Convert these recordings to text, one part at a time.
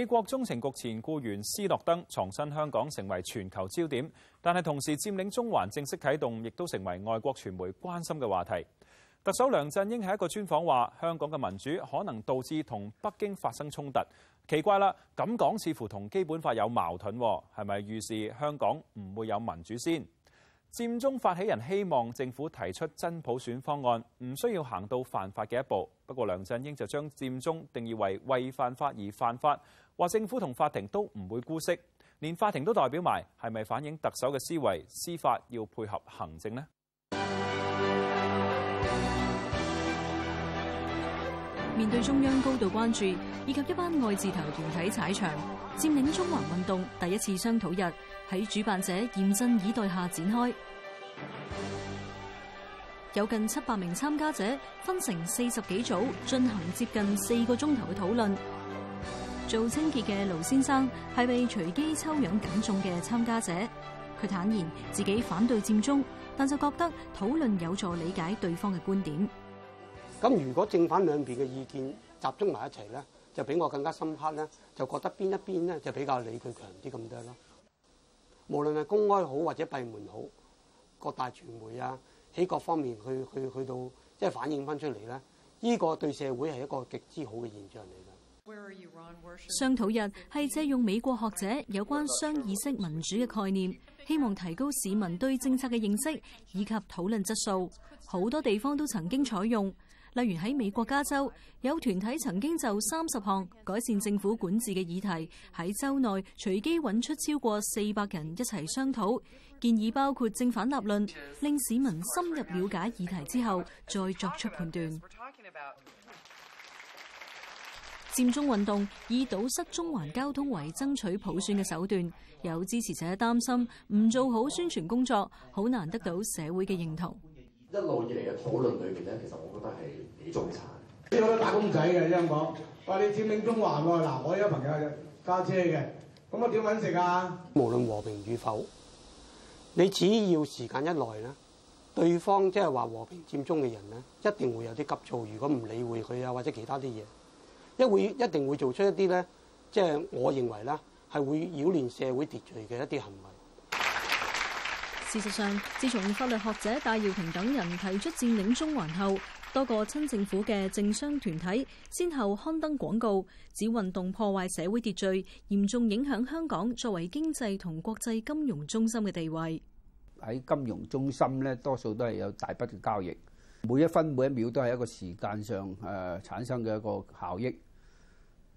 美國中情局前僱員斯諾登藏身香港，成為全球焦點。但係同時佔領中環正式啟動，亦都成為外國傳媒關心嘅話題。特首梁振英喺一個專訪話，香港嘅民主可能導致同北京發生衝突。奇怪啦，咁講似乎同基本法有矛盾，係咪預示香港唔會有民主先？佔中發起人希望政府提出真普選方案，唔需要行到犯法嘅一步。不過梁振英就將佔中定義為為犯法而犯法，話政府同法庭都唔會姑息，連法庭都代表埋，係咪反映特首嘅思維？司法要配合行政呢？面對中央高度關注，以及一班愛字頭團體踩場，佔領中環運動第一次商討日，喺主辦者嚴陣以待下展開，有近七百名參加者分成四十幾組進行接近四個鐘頭嘅討論。做清潔嘅盧先生係被隨機抽樣揀中嘅參加者，佢坦言自己反對佔中，但就覺得討論有助理解對方嘅觀點。咁如果正反兩邊嘅意見集中埋一齊咧，就比我更加深刻咧，就覺得邊一邊咧就比較理據強啲咁多咯。無論係公開好或者閉門好，各大傳媒啊，喺各方面去去去到即係反映翻出嚟咧，呢、這個對社會係一個極之好嘅現象嚟嘅。商討日係借用美國學者有關商議式民主嘅概念，希望提高市民對政策嘅認識以及討論質素。好多地方都曾經採用。例如喺美國加州，有團體曾經就三十項改善政府管治嘅議題，喺州內隨機揾出超過四百人一齊商討，建議包括正反立論，令市民深入了解議題之後再作出判斷。佔中運動以堵塞中環交通為爭取普選嘅手段，有支持者擔心唔做好宣傳工作，好難得到社會嘅認同。一路以嚟嘅討論裏邊咧，其實我覺得係幾糟慘。啲好多打工仔嘅香港話，你佔領中環喎，嗱，我有朋友家姐嘅，咁我點揾食啊？無論和平與否，你只要時間一耐咧，對方即係話和平佔中嘅人咧，一定會有啲急躁。如果唔理會佢啊，或者其他啲嘢，一會一定會做出一啲咧，即係我認為咧，係會擾亂社會秩序嘅一啲行為。事實上，自從法律學者戴耀廷等人提出佔領中環後，多個親政府嘅政商團體先後刊登廣告，指運動破壞社會秩序，嚴重影響香港作為經濟同國際金融中心嘅地位。喺金融中心咧，多數都係有大筆嘅交易，每一分每一秒都係一個時間上誒、呃、產生嘅一個效益。誒、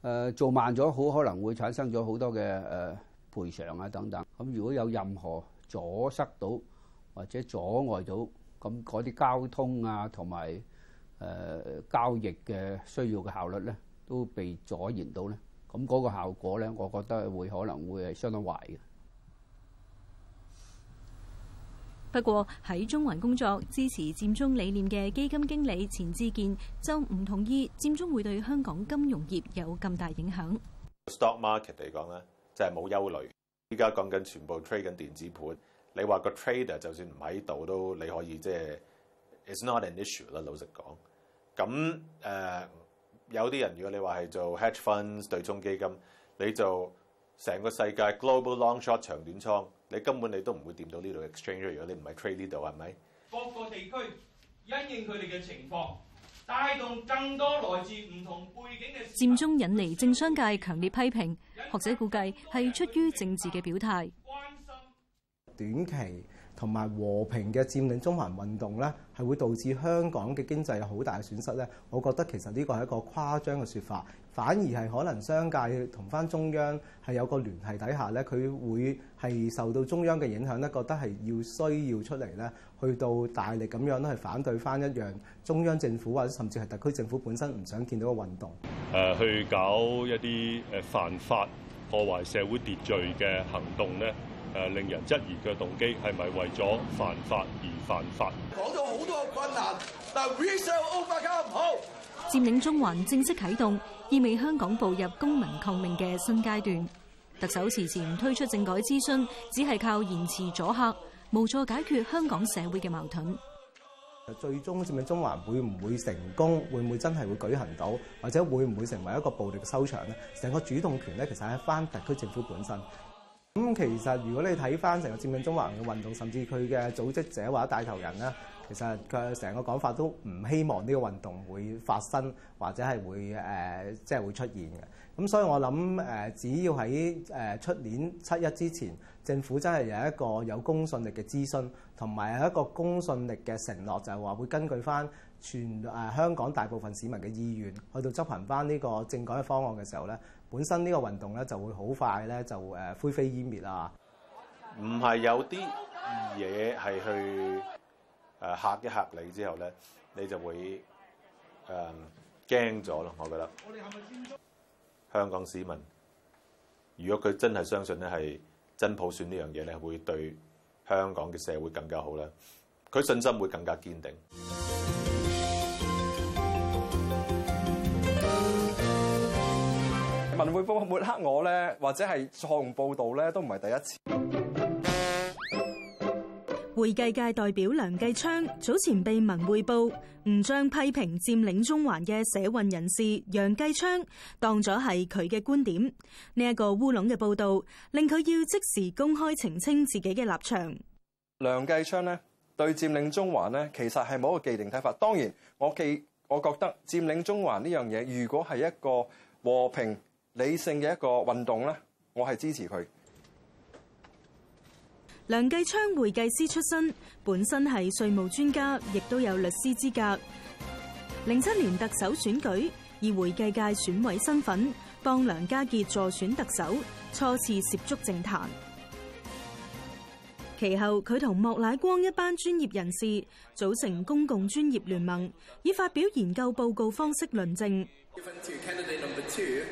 呃，做慢咗，好可能會產生咗好多嘅誒賠償啊等等。咁如果有任何阻塞到或者阻礙到咁嗰啲交通啊，同埋誒交易嘅需要嘅效率咧，都被阻延到咧。咁嗰個效果咧，我覺得會可能會係相當壞嘅。不過喺中環工作支持佔中理念嘅基金經理錢志健，就唔同意佔中會對香港金融業有咁大影響。Stock market 嚟講咧，就係冇憂慮。而家講緊全部 trade 緊電子盤，你話個 trader 就算唔喺度都，你可以即係 it's not an issue 啦。老實講，咁誒、呃、有啲人，如果你話係做 hedge funds 對沖基金，你就成個世界 global long short 長短倉，你根本你都唔會掂到呢度 exchange，如果你唔係 trade 呢度係咪？各個地區因應佢哋嘅情況。帶動更多來自唔同背景嘅佔中引嚟政商界強烈批評，學者估計係出於政治嘅表態。關心短期同埋和平嘅佔領中環運動咧，係會導致香港嘅經濟有好大嘅損失咧。我覺得其實呢個係一個誇張嘅説法。反而係可能商界同翻中央係有個聯繫底下咧，佢會係受到中央嘅影響咧，覺得係要需要出嚟咧，去到大力咁樣咧，係反對翻一樣中央政府或者甚至係特區政府本身唔想見到嘅運動。誒，去搞一啲誒犯法破壞社會秩序嘅行動咧，誒令人質疑嘅動機係咪為咗犯法而犯法？講咗好多困難，困難但 We shall overcome！唔好。佔領中環正式啟動，意味香港步入公民抗命嘅新階段。特首遲遲唔推出政改諮詢，只係靠延遲阻嚇，無助解決香港社會嘅矛盾。最終佔領中環會唔會成功？會唔會真係會舉行到？或者會唔會成為一個暴力嘅收場咧？成個主動權咧，其實喺翻特區政府本身。咁其實如果你睇翻成個佔領中環嘅運動，甚至佢嘅組織者或者帶頭人咧。其實佢成個講法都唔希望呢個運動會發生，或者係會誒即係會出現嘅。咁所以我諗誒、呃，只要喺誒出年七一之前，政府真係有一個有公信力嘅諮詢，同埋有一個公信力嘅承諾，就係、是、話會根據翻全誒、呃、香港大部分市民嘅意願，去到執行翻呢個政改方案嘅時候呢，本身呢個運動呢就會好快呢，就誒灰飛煙滅喇！唔係有啲嘢係去。啊、嚇一嚇你之後咧，你就會誒驚咗咯。我覺得香港市民，如果佢真係相信咧係真普選呢樣嘢咧，會對香港嘅社會更加好啦。佢信心會更加堅定。文匯報抹黑我咧，或者係錯誤報導咧，都唔係第一次。會計界代表梁繼昌早前被文匯報誤將批評佔領中環嘅社運人士楊繼昌當咗係佢嘅觀點，呢一個烏龍嘅報道令佢要即時公開澄清自己嘅立場。梁繼昌呢對佔領中環呢其實係冇一個既定睇法。當然，我記我覺得佔領中環呢樣嘢，如果係一個和平理性嘅一個運動呢，我係支持佢。梁繼昌會計師出身，本身係稅務專家，亦都有律師資格。零七年特首選舉以會計界選委身份幫梁家傑助選特首，初次涉足政壇。其後佢同莫乃光一班專業人士組成公共專業聯盟，以發表研究報告方式論證。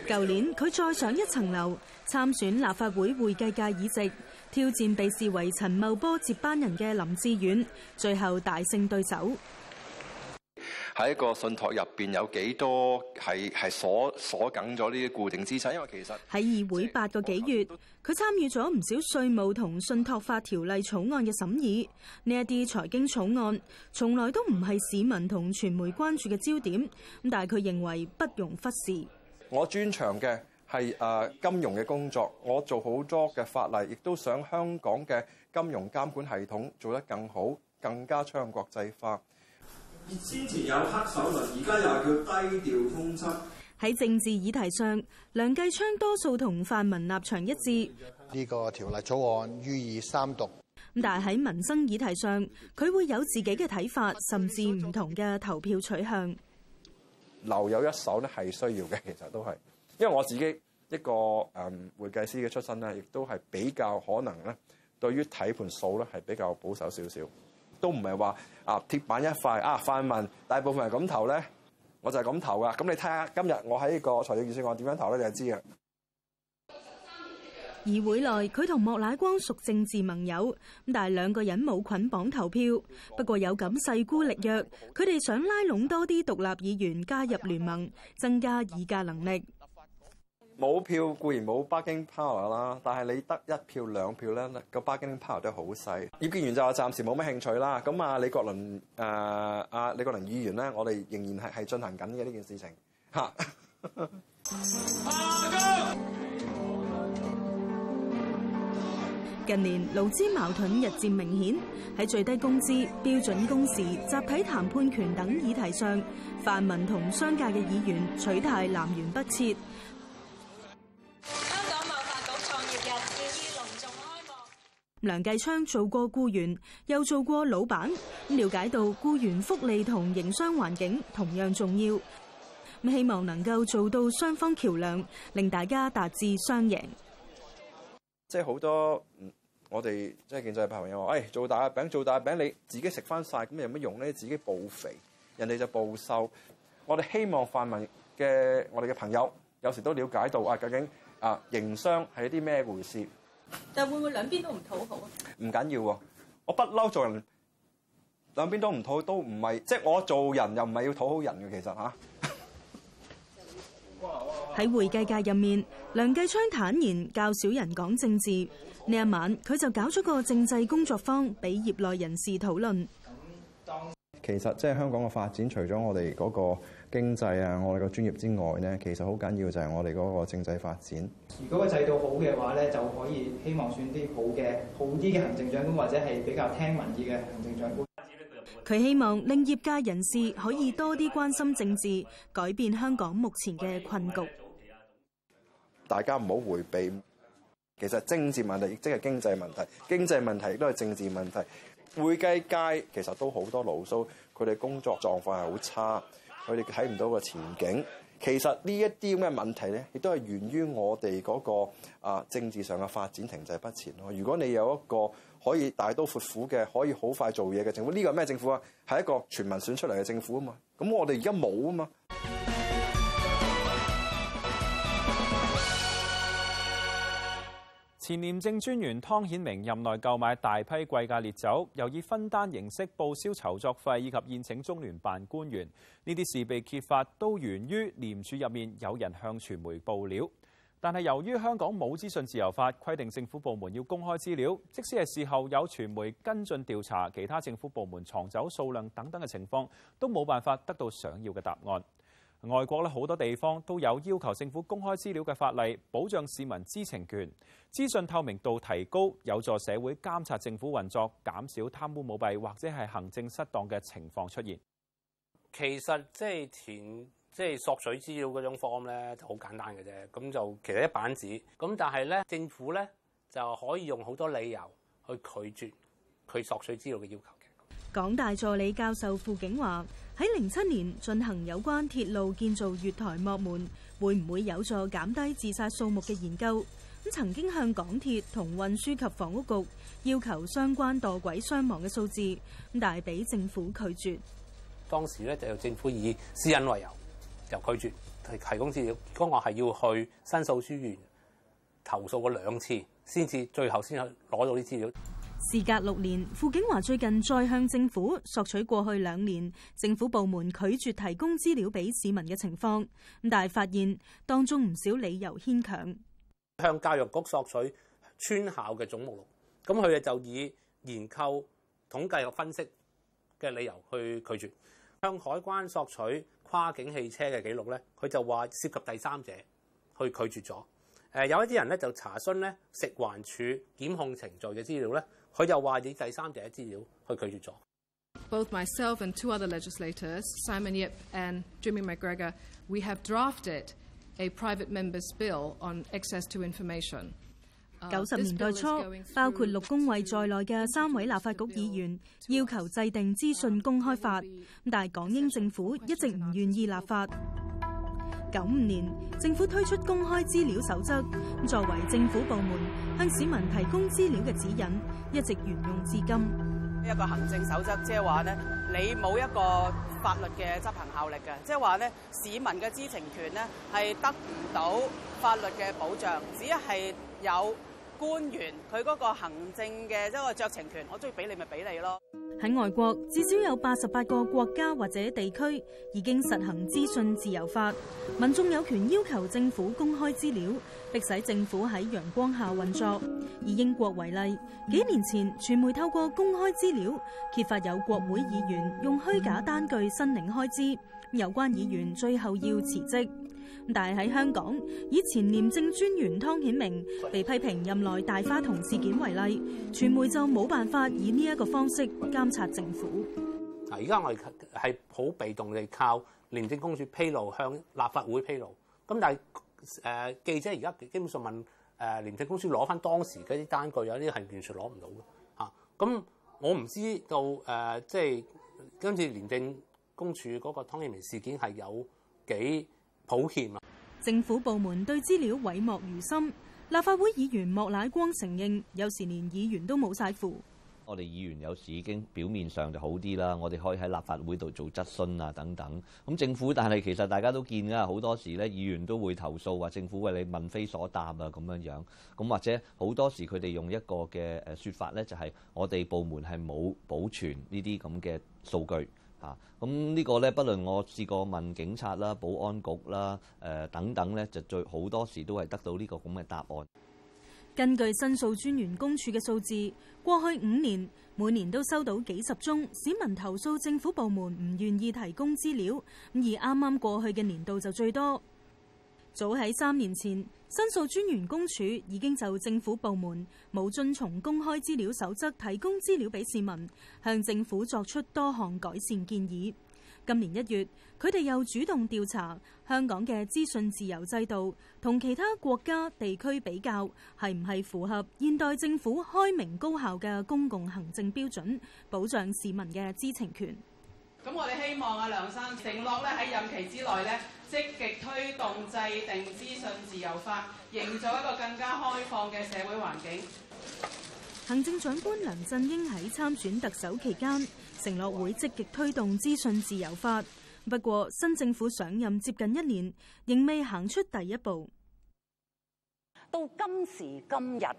舊年佢再上一層樓，參選立法會會計界議席。挑戰被視為陳茂波接班人嘅林志遠，最後大勝對手。喺一個信託入邊有幾多係係鎖鎖緊咗呢啲固定資產？因為其實喺議會八個幾月，佢參與咗唔少稅務同信託法條例草案嘅審議。呢一啲財經草案從來都唔係市民同傳媒關注嘅焦點，咁但係佢認為不容忽視。我專長嘅。係誒金融嘅工作，我做好多嘅法例，亦都想香港嘅金融監管系統做得更好，更加倡國際化。先前有黑手論，而家又叫低調風測。喺政治議題上，梁繼昌多數同泛民立場一致。呢、這個條例草案於二三讀。咁但係喺民生議題上，佢會有自己嘅睇法，甚至唔同嘅投票取向。留有一手咧係需要嘅，其實都係。因為我自己一個誒會計師嘅出身咧，亦都係比較可能咧。對於睇盤數咧，係比較保守少少，都唔係話啊鐵板一塊啊泛民大部分係咁投咧，我就係咁投噶。咁你睇下今日我喺個財政預算案點樣投咧，你就知啊。議會內佢同莫乃光屬政治盟友咁，但係兩個人冇捆綁投票。不過有感勢孤力弱，佢哋想拉攏多啲獨立議員加入聯盟，增加議價能力。冇票固然冇北京 power 啦，但係你得一票兩票咧，個北京 power 都好細。葉建源就話暫時冇咩興趣啦。咁啊，李國麟，誒、呃、啊，李國麟議員咧，我哋仍然係係進行緊嘅呢件事情嚇。 近年勞資矛盾日漸明顯，喺最低工資標準工時集體談判權等議題上，泛民同商界嘅議員取態南轅北轍。梁繼昌做過僱員，又做過老闆。了解到僱員福利同營商環境同樣重要，咁希望能夠做到雙方橋樑，令大家達至雙贏。即係好多，我哋即係建制朋友話，誒、哎，做大嘅餅，做大嘅餅，你自己食翻晒，咁有乜用咧？自己暴肥，人哋就暴瘦。我哋希望泛民嘅我哋嘅朋友，有時都了解到啊，究竟啊，營商係一啲咩回事？但會唔會兩邊都唔討好啊？唔緊要喎，我不嬲做人，兩邊都唔討都唔係，即係我做人又唔係要討好人嘅。其實嚇喺會計界入面，梁繼昌坦言較少人講政治。呢一晚佢就搞咗個政制工作坊俾業內人士討論。咁，當其實即係香港嘅發展，除咗我哋嗰個。經濟啊！我哋個專業之外呢，其實好緊要就係我哋嗰個政制發展。如果個制度好嘅話呢，就可以希望選啲好嘅、好啲嘅行政長官，或者係比較聽民意嘅行政長官。佢希望令業界人士可以多啲關心政治，改變香港目前嘅困局。大家唔好迴避，其實政治問題亦即係經濟問題，經濟問題亦都係政治問題。會計界其實都好多牢騷，佢哋工作狀況係好差。佢哋睇唔到個前景，其實呢一啲咁嘅問題咧，亦都係源於我哋嗰個啊政治上嘅發展停滯不前咯。如果你有一個可以大刀闊斧嘅，可以好快做嘢嘅政府，呢個係咩政府啊？係一個全民選出嚟嘅政府啊嘛。咁我哋而家冇啊嘛。前廉政專員湯顯明任內購買大批貴價烈酒，又以分單形式報銷籌作費以及宴請中聯辦官員，呢啲事被揭發都源於廉署入面有人向傳媒報料。但係由於香港冇資訊自由法，規定政府部門要公開資料，即使係事後有傳媒跟進調查其他政府部門藏酒數量等等嘅情況，都冇辦法得到想要嘅答案。外國咧好多地方都有要求政府公開資料嘅法例，保障市民知情權，資訊透明度提高，有助社會監察政府運作，減少貪污舞，舞弊或者係行政失當嘅情況出現。其實即係填即係索取資料嗰種 form 咧，就好簡單嘅啫。咁就其實一版紙。咁但係咧，政府咧就可以用好多理由去拒絕佢索取資料嘅要求嘅。港大助理教授傅景華。喺零七年進行有關鐵路建造月台幕門會唔會有助減低自殺數目嘅研究，咁曾經向港鐵同運輸及房屋局要求相關墮軌傷亡嘅數字，咁但係俾政府拒絕。當時咧就由政府以私隱為由，又拒絕提供資料。如果我係要去申訴專員，投訴過兩次，先至最後先去攞到啲資料。事隔六年，傅景華最近再向政府索取過去兩年政府部門拒絕提供資料俾市民嘅情況，但係發現當中唔少理由牽強。向教育局索取村校嘅總目錄，咁佢哋就以研究、統計和分析嘅理由去拒絕；向海關索取跨境汽車嘅記錄咧，佢就話涉及第三者，去拒絕咗。誒，有一啲人咧就查詢咧食環署檢控程序嘅資料咧。佢又話：你第三者資料，佢拒絕咗。九十年代初，包括陸恭蕙在內嘅三位立法局議員要求制定資訊公開法，咁但係港英政府一直唔願意立法。九五年政府推出公開資料守則，作為政府部門。向市民提供資料嘅指引一直沿用至今。呢一個行政守則，即係話咧，你冇一個法律嘅執行效力嘅，即係話咧，市民嘅知情權咧係得唔到法律嘅保障，只係有官員佢嗰個行政嘅一個酌情權，我中意俾你咪俾你咯。喺外國，至少有八十八個國家或者地區已經實行資訊自由法，民眾有權要求政府公開資料。迫使政府喺陽光下運作。以英國為例，幾年前傳媒透過公開資料揭發有國會議員用虛假單據申領開支，有關議員最後要辭職。但係喺香港，以前廉政專員湯顯明被批評任內大花筒事件為例，傳媒就冇辦法以呢一個方式監察政府。而家我哋係好被動地靠廉政公署披露，向立法會披露，咁但係。誒、呃、記者而家基本上問誒、呃、廉政公署攞翻當時嗰啲單據，有啲係完全攞唔到嘅嚇。咁、啊啊嗯、我唔知道誒，即、啊、係、就是、今次廉政公署嗰個湯顯明事件係有幾抱歉啊。政府部門對資料諱莫如深，立法會議員莫乃光承認，有時連議員都冇晒符。我哋議員有時已經表面上就好啲啦，我哋可以喺立法會度做質詢啊等等。咁政府，但係其實大家都見㗎，好多時咧議員都會投訴話政府為你問非所答啊咁樣樣。咁或者好多時佢哋用一個嘅誒説法咧，就係、係、我哋部門係冇保存呢啲咁嘅數據嚇。咁、啊、呢個咧，不論我試過問警察啦、保安局啦、誒、呃、等等咧，就最好多時都係得到呢、呢個咁嘅答案。根據申訴專員公署嘅數字，過去五年每年都收到幾十宗市民投訴，政府部門唔願意提供資料，而啱啱過去嘅年度就最多。早喺三年前，申訴專員公署已經就政府部門冇遵從公開資料守則提供資料俾市民，向政府作出多項改善建議。今年一月，佢哋又主動調查香港嘅資訊自由制度，同其他國家地區比較，係唔係符合現代政府開明高效嘅公共行政標準，保障市民嘅知情權。咁我哋希望阿梁生承諾咧喺任期之內咧，積極推動制定資訊自由法，營造一個更加開放嘅社會環境。行政長官梁振英喺參選特首期間承諾會積極推動資訊自由法，不過新政府上任接近一年，仍未行出第一步。到今時今日啊，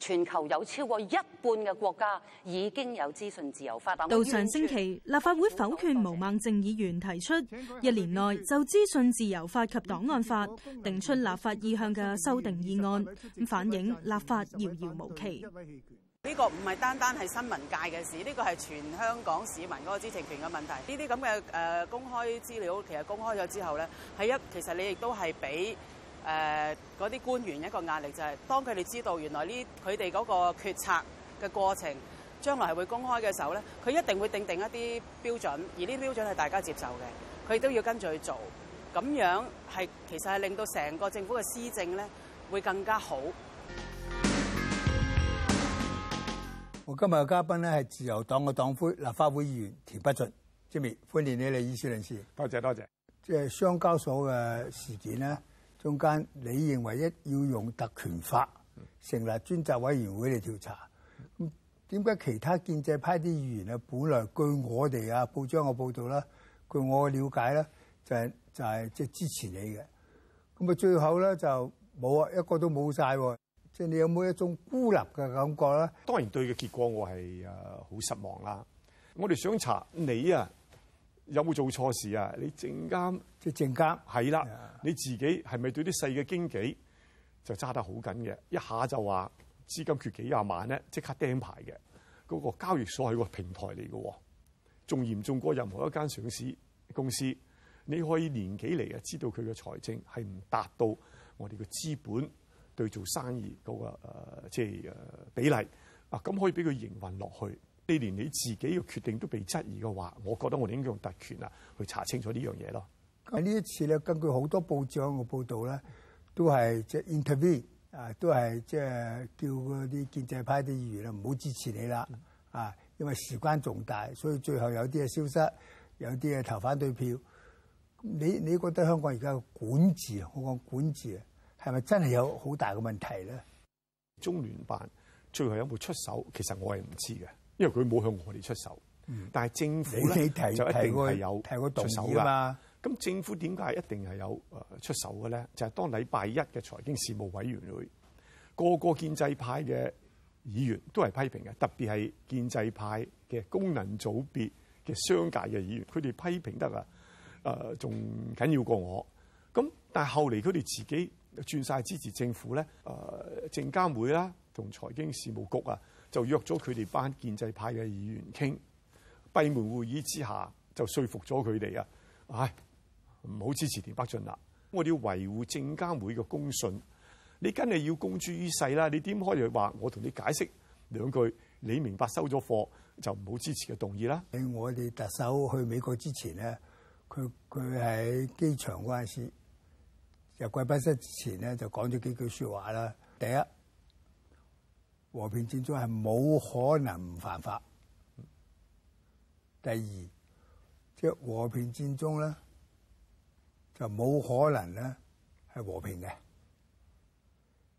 全球有超過一半嘅國家已經有資訊自由法。到上星期，立法會否決毛孟靜議員提出一年內就資訊自由法及檔案法定出立法意向嘅修訂議案，咁反映立法遙遙無期。呢個唔係單單係新聞界嘅事，呢個係全香港市民嗰個知情權嘅問題。呢啲咁嘅公開資料，其實公開咗之後呢，喺一其實你亦都係俾。誒嗰啲官員一個壓力就係，當佢哋知道原來呢佢哋嗰個決策嘅過程，將來係會公開嘅時候咧，佢一定會定定一啲標準，而呢標準係大家接受嘅，佢亦都要跟住去做，咁樣係其實係令到成個政府嘅施政咧會更加好。我今日嘅嘉賓咧係自由黨嘅黨魁立法會議員田北俊，朱銘，歡迎你嚟，伊斯林士，多謝多謝。即係商交所嘅事件咧。中間，你認為一要用特權法成立專責委員會嚟調查，咁點解其他建制派啲議員啊，本來據我哋啊報章嘅報道啦，據我了解咧，就係就係即係支持你嘅，咁啊最後咧就冇啊，一個都冇晒，即係你有冇一種孤立嘅感覺咧？當然對嘅結果我係誒好失望啦。我哋想查你啊！有冇做錯事啊？你證監即證監係啦，yeah. 你自己係咪對啲細嘅經紀就揸得好緊嘅？一下就話資金缺幾廿萬咧，即刻釘牌嘅。嗰、嗰個交易所係個平台嚟嘅，仲嚴重過任何一間上市公司。你可以年紀嚟啊？知道佢嘅財政係唔達到我哋嘅資本對做生意嗰個即係誒比例啊？咁可以俾佢營運落去。你連你自己嘅決定都被質疑嘅話，我覺得我哋應該用特權啊，去查清楚呢樣嘢咯。喺呢一次咧，根據好多報章嘅報道咧，都係即係 interview 啊，都係即係叫嗰啲建制派啲議員啦，唔好支持你啦啊，因為事關重大，所以最後有啲啊消失，有啲啊投反對票。你你覺得香港而家嘅管治，我講管治啊，係咪真係有好大嘅問題咧？中聯辦最後有冇出手？其實我係唔知嘅。因為佢冇向我哋出手，嗯、但係政府咧就一定係有，有出手噶嘛。咁政府點解一定係有誒出手嘅咧？就係，是，當禮拜一嘅財經事務委員會，個個建制派嘅議員都係批評嘅，特別係建制派嘅功能組別嘅商界嘅議員，佢哋批評得啊誒仲緊要過我。咁但係後嚟佢哋自己轉晒支持政府咧，誒證監會啦同財經事務局啊。就約咗佢哋班建制派嘅議員傾閉門會議之下，就說服咗佢哋啊！唉，唔好支持田北俊啦！我哋要維護證監會嘅公信，你梗係要公諸於世啦！你點可以話我同你解釋兩句？你明白收咗貨就唔好支持嘅動議啦！喺我哋特首去美國之前咧，佢佢喺機場嗰陣時入貴賓室之前咧，就講咗幾句說話啦。第一。和平佔中係冇可能唔犯法。第二，即和平佔中咧，就冇可能咧係和平嘅。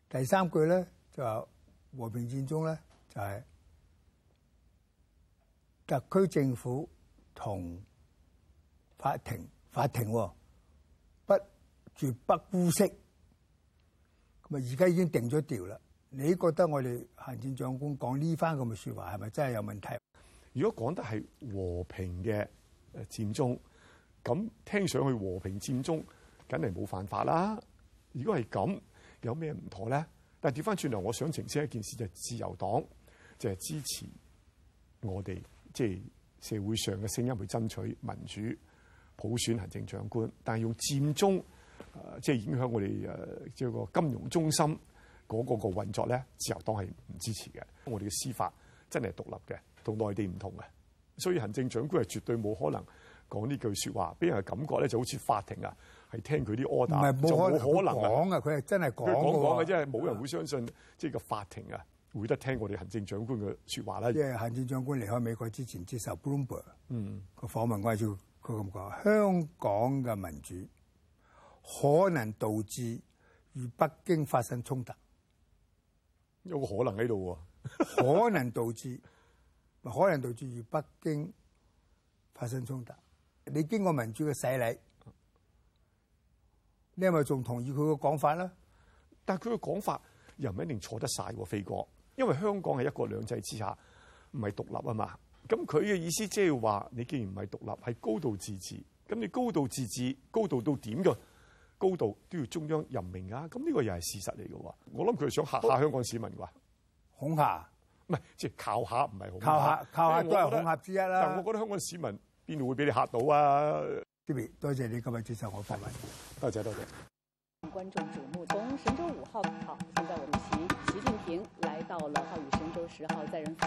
第三句咧就和平佔中咧就係特區政府同法庭，法庭不絕不姑息。咁啊，而家已經定咗調啦。你覺得我哋行政長官講呢番咁嘅説話係咪真係有問題？如果講得係和平嘅佔中，咁聽上去和平佔中梗係冇犯法啦。如果係咁，有咩唔妥咧？但係調翻轉頭，我想澄清一件事，就係自由黨就係支持我哋即係社會上嘅聲音去爭取民主普選行政長官，但係用佔中誒即係影響我哋誒即係個金融中心。嗰、那個個運作咧，自由黨係唔支持嘅。我哋嘅司法真係獨立嘅，同內地唔同嘅。所以行政長官係絕對冇可能講呢句説話，俾人感覺咧就好似法庭啊，係聽佢啲 order，冇可能講啊。佢係真係講講嘅，真係冇人會相信，即係個法庭啊，會得聽我哋行政長官嘅説話啦。因為行政長官離開美國之前接受 Bloomberg 嗯個訪問嗰陣時，佢咁講：香港嘅民主可能導致與北京發生衝突。有個可能喺度喎， 可能導致，可能導致與北京發生衝突。你經過民主嘅洗禮，你係咪仲同意佢嘅講法咧？但係佢嘅講法又唔一定錯得晒喎，飛哥。因為香港係一國兩制之下，唔係獨立啊嘛。咁佢嘅意思即係話，你既然唔係獨立，係高度自治。咁你高度自治，高度到點㗎？高度都要中央任命噶、啊，咁呢個又係事實嚟嘅、啊。我諗佢係想嚇嚇香港市民啩，恐嚇，唔係即係靠嚇，唔係恐嚇，靠嚇靠嚇都係恐嚇之一啦。但係我覺得香港市民邊度會俾你嚇到啊？TB，多謝你今日接受我訪問，多謝多謝。觀眾矚目，從神舟五號好，現在，我哋請習近平來到六號與神舟十號載人。